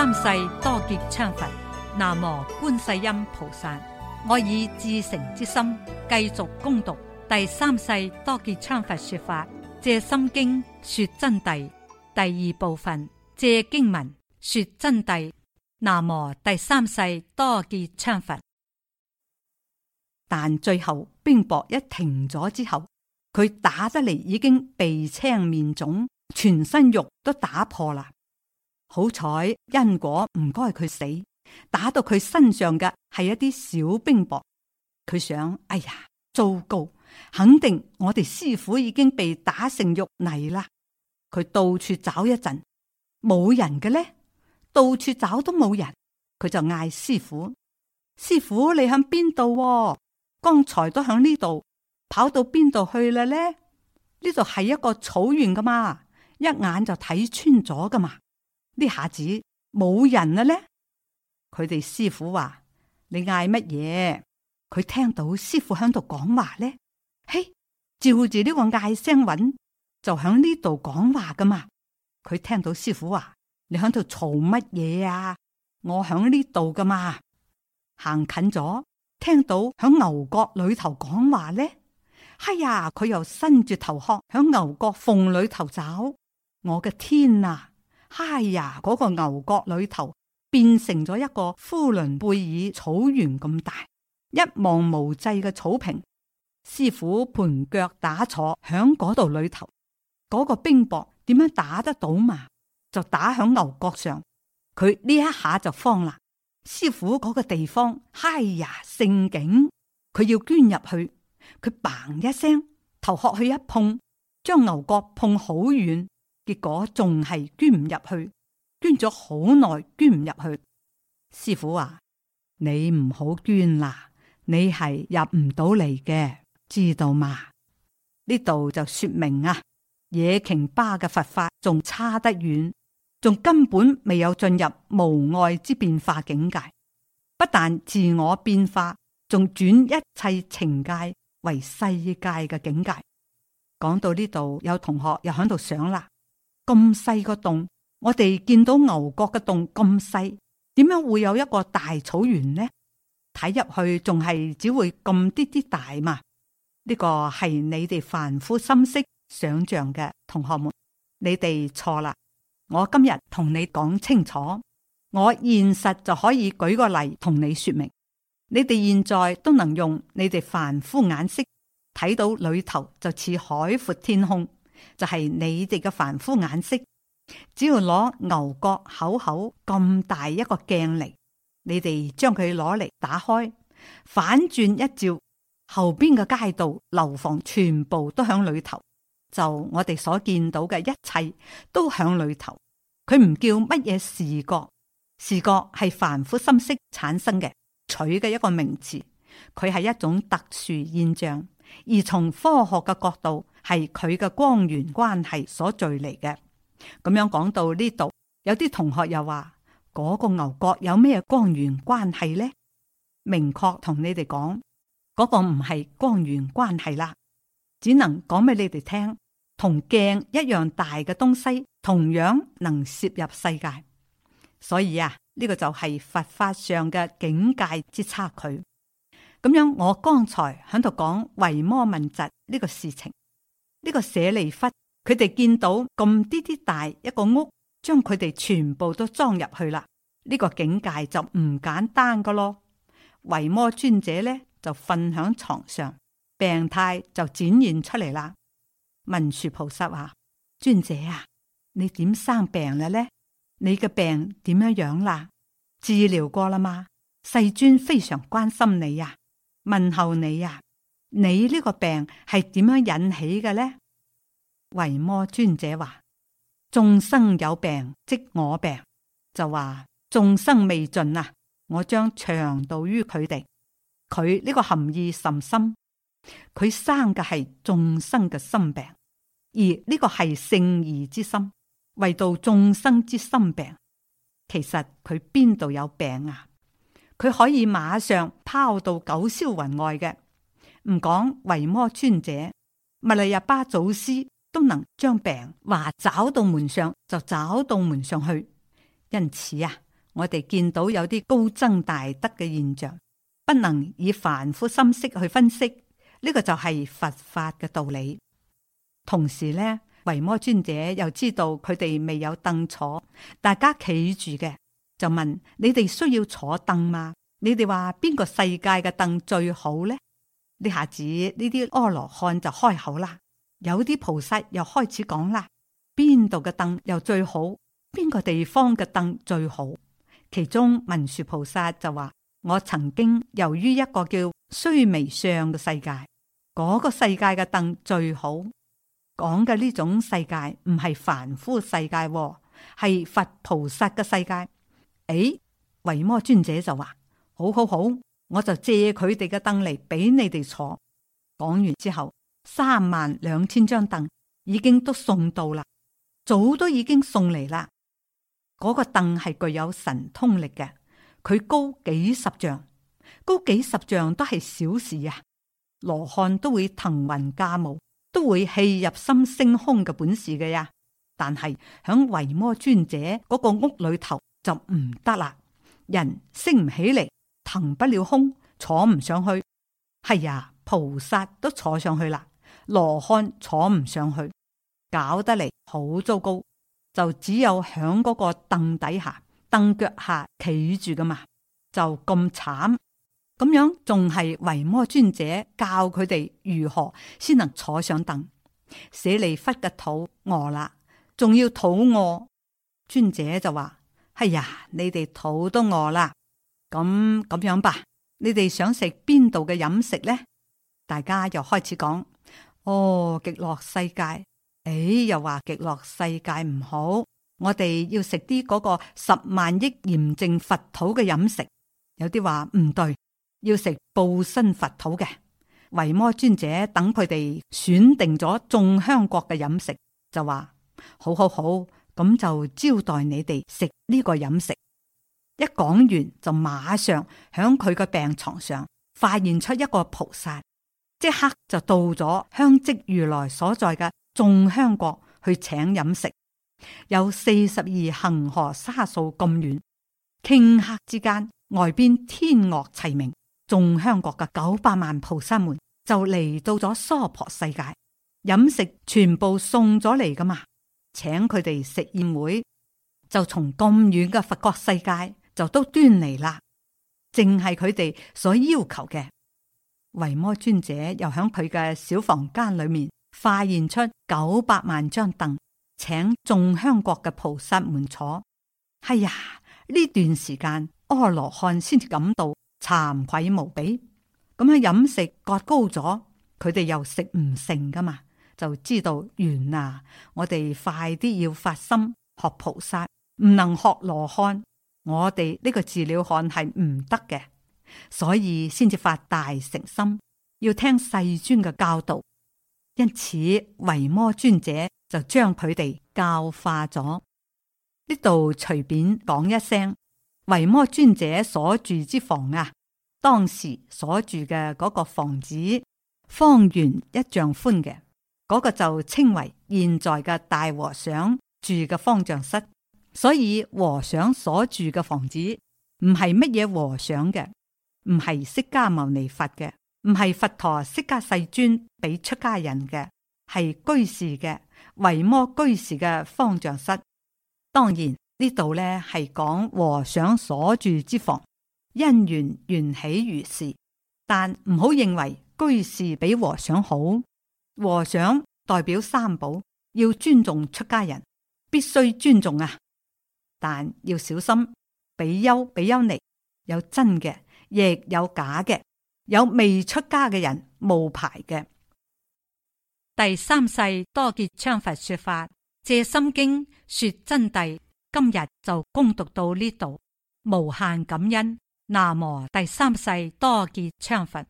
三世多杰羌佛，南無觀世音菩薩。我以至誠之心繼續攻讀第三世多杰羌佛說法，藉心經說真諦第二部分，藉經文說真諦。南無第三世多杰羌佛。但最後冰雹一停咗之後，佢打得嚟，已經鼻青面腫，全身肉都打破啦。好彩因果唔該佢死，打到佢身上嘅係一啲小冰雹，佢想哎呀糟糕，肯定我哋師傅已經被打成肉泥啦！佢到處找一陣，冇人嘅咧，到處找都冇人，佢就嗌師傅：師傅你響邊度？剛才都響呢度，跑到邊度去啦？呢呢度係一個草原噶嘛，一眼就睇穿咗噶嘛。呢下子冇人啦咧，佢哋師傅話、啊：你嗌乜嘢？佢聽到師傅響度講話咧，嘿，照住呢個嗌聲揾，就響呢度講話噶嘛。佢聽到師傅話、啊：你響度嘈乜嘢啊？我響呢度噶嘛，行近咗聽到響牛角裏頭講話咧，哎呀，佢又伸住頭殼響牛角縫裏頭找，我嘅天啊！嗨呀！嗰個牛角裏頭變成咗一個呼倫貝爾草原咁大，一望無際嘅草坪。師傅盤腳打坐響嗰度裏頭，嗰個冰雹點樣打得到嘛？就打響牛角上，佢呢一下就慌啦。師傅嗰個地方，嗨呀，勝景！佢要鑽入去，佢嘣一聲頭殼去一碰，將牛角碰好遠。結果仲係捐唔入去，捐咗好耐，捐唔入去。師傅話啊：你唔好捐啦，你係入唔到嚟嘅，知道嘛？呢度就說明啊，野瓊巴嘅佛法仲差得遠，仲根本未有進入無礙之變化境界。不但自我變化，仲轉一切情界為世界嘅境界。講到呢度，有同學又喺度想啦。咁細個洞，我哋見到牛角嘅洞咁細，點樣會有一個大草原呢？睇入去仲係只會咁啲啲大嘛？呢個係你哋凡夫心識想象嘅，同學們，你哋錯啦！我今日同你講清楚，我現實就可以舉個例同你說明。你哋現在都能用你哋凡夫眼色睇到裏頭，就似海闊天空。就係你哋嘅凡夫眼色，只要攞牛角口口咁大一個鏡嚟，你哋將佢攞嚟打開，反轉一照，後邊嘅街道樓房全部都喺裏頭，就我哋所見到嘅一切都喺裏頭。佢唔叫乜嘢視覺，視覺係凡夫心識產生嘅取嘅一個名詞，佢係一種特殊現象，而從科學嘅角度。係佢嘅光源關係所聚嚟嘅，咁樣講到呢度，有啲同學又話：「嗰個牛角有咩光源關係呢？」明確同你哋講，嗰個唔係光源關係啦，只能講俾你哋聽，同鏡一樣大嘅東西，同樣能攝入世界。所以啊，呢個就係佛法上嘅境界之差距。咁樣，我剛才喺度講維摩問疾呢個事情。呢個舍利弗，佢哋見到咁啲啲大一個屋，將佢哋全部都裝入去啦。呢、這個境界就唔簡單噶咯。維摩尊者呢，就瞓響床上，病態就展現出嚟啦。文殊菩薩話：尊者啊，你點生病啦？呢你嘅病點樣樣啦？治療過啦嘛？世尊非常關心你呀、啊，問候你呀、啊。你呢個病係點樣引起嘅呢？維摩尊者話眾生有病即我病，就話眾生未盡啊，我將長度於佢哋。佢呢個含意甚深，佢生嘅係眾生嘅心病，而呢個係聖義之心為度眾生之心病。其實佢邊度有病啊？佢可以馬上拋到九霄雲外嘅。唔講維摩尊者、彌勒日巴祖師都能將病話找到門上就找到門上去，因此啊，我哋見到有啲高僧大德嘅現象，不能以凡夫心識去分析，呢個就係佛法嘅道理。同時呢，維摩尊者又知道佢哋未有凳坐，大家企住嘅，就問你哋需要坐凳嗎？你哋話邊個世界嘅凳最好呢？呢下子呢啲阿羅漢就開口啦，有啲菩薩又開始講啦，邊度嘅凳又最好，邊個地方嘅凳最好？其中文殊菩薩就話：我曾經由於一個叫須彌上嘅世界，嗰、那個世界嘅凳最好。講嘅呢種世界唔係凡夫世界，哦，係佛菩薩嘅世界。誒，維摩尊者就話：好好好。我就借佢哋嘅凳嚟俾你哋坐。講完之後，三萬兩千張凳已經都送到啦，早都已經送嚟啦。嗰、那個凳係具有神通力嘅，佢高幾十丈，高幾十丈都係小事呀、啊。羅漢都會騰雲駕霧，都會氣入心升空嘅本事嘅呀、啊。但係喺維摩尊者嗰個屋裏頭就唔得啦，人升唔起嚟。行不了空，坐唔上去。係、哎、呀，菩薩都坐上去啦，羅漢坐唔上去，搞得嚟，好糟糕。就只有響嗰個凳底下，凳腳下企住噶嘛，就咁慘。咁樣仲係維摩尊者教佢哋如何先能坐上凳。舍利弗嘅肚餓啦，仲要肚餓。尊者就話：係、哎、呀，你哋肚都餓啦。咁咁樣吧，你哋想食邊度嘅飲食呢？大家又開始講，哦，極樂世界，誒、哎、又話極樂世界唔好，我哋要食啲嗰個十萬億嚴淨佛土嘅飲食，有啲話唔對，要食報身佛土嘅，維摩尊者等佢哋選定咗眾香國嘅飲食，就話好好好，咁就招待你哋食呢個飲食。一講完就馬上響佢嘅病床上，發現出一個菩薩，即刻就到咗香積如來所在嘅眾香國去請飲食，有四十二恆河沙數咁遠。頃刻之間，外邊天樂齊鳴，眾香國嘅九百萬菩薩們就嚟到咗娑婆世界，飲食全部送咗嚟㗎嘛，請佢哋食宴會，就從咁遠嘅佛國世界。就都端嚟啦，淨係佢哋所要求嘅。維摩尊者又喺佢嘅小房間裏面，化現出九百萬張凳，請眾香國嘅菩薩們坐。哎呀，呢段時間阿羅漢先至感到慚愧無比。咁喺飲食割高咗，佢哋又食唔成噶嘛，就知道完啦。我哋快啲要發心學菩薩，唔能學羅漢。我哋呢個自了漢係唔得嘅，所以先至發大誠心，要聽世尊嘅教導，因此維摩尊者就將佢哋教化咗。呢度隨便講一聲，維摩尊者所住之房啊，當時所住嘅嗰個房子，方圓一丈寬嘅，嗰個就稱為現在嘅大和尚住嘅方丈室。所以和尚所住嘅房子唔係乜嘢和尚嘅，唔係釋迦牟尼佛嘅，唔係佛陀釋迦世尊俾出家人嘅，係居士嘅維摩居士嘅、方丈室。當然呢度呢係講和尚所住之房，因緣緣起如是，但唔好認為居士比和尚好。和尚代表三寶，要尊重出家人，必須尊重啊！但要小心，比丘、比丘尼有真嘅，亦有假嘅，有未出家嘅人冒牌嘅。第三世多杰羌佛說法《藉心經》說真諦，今日就恭讀到呢度，無限感恩。南無第三世多杰羌佛。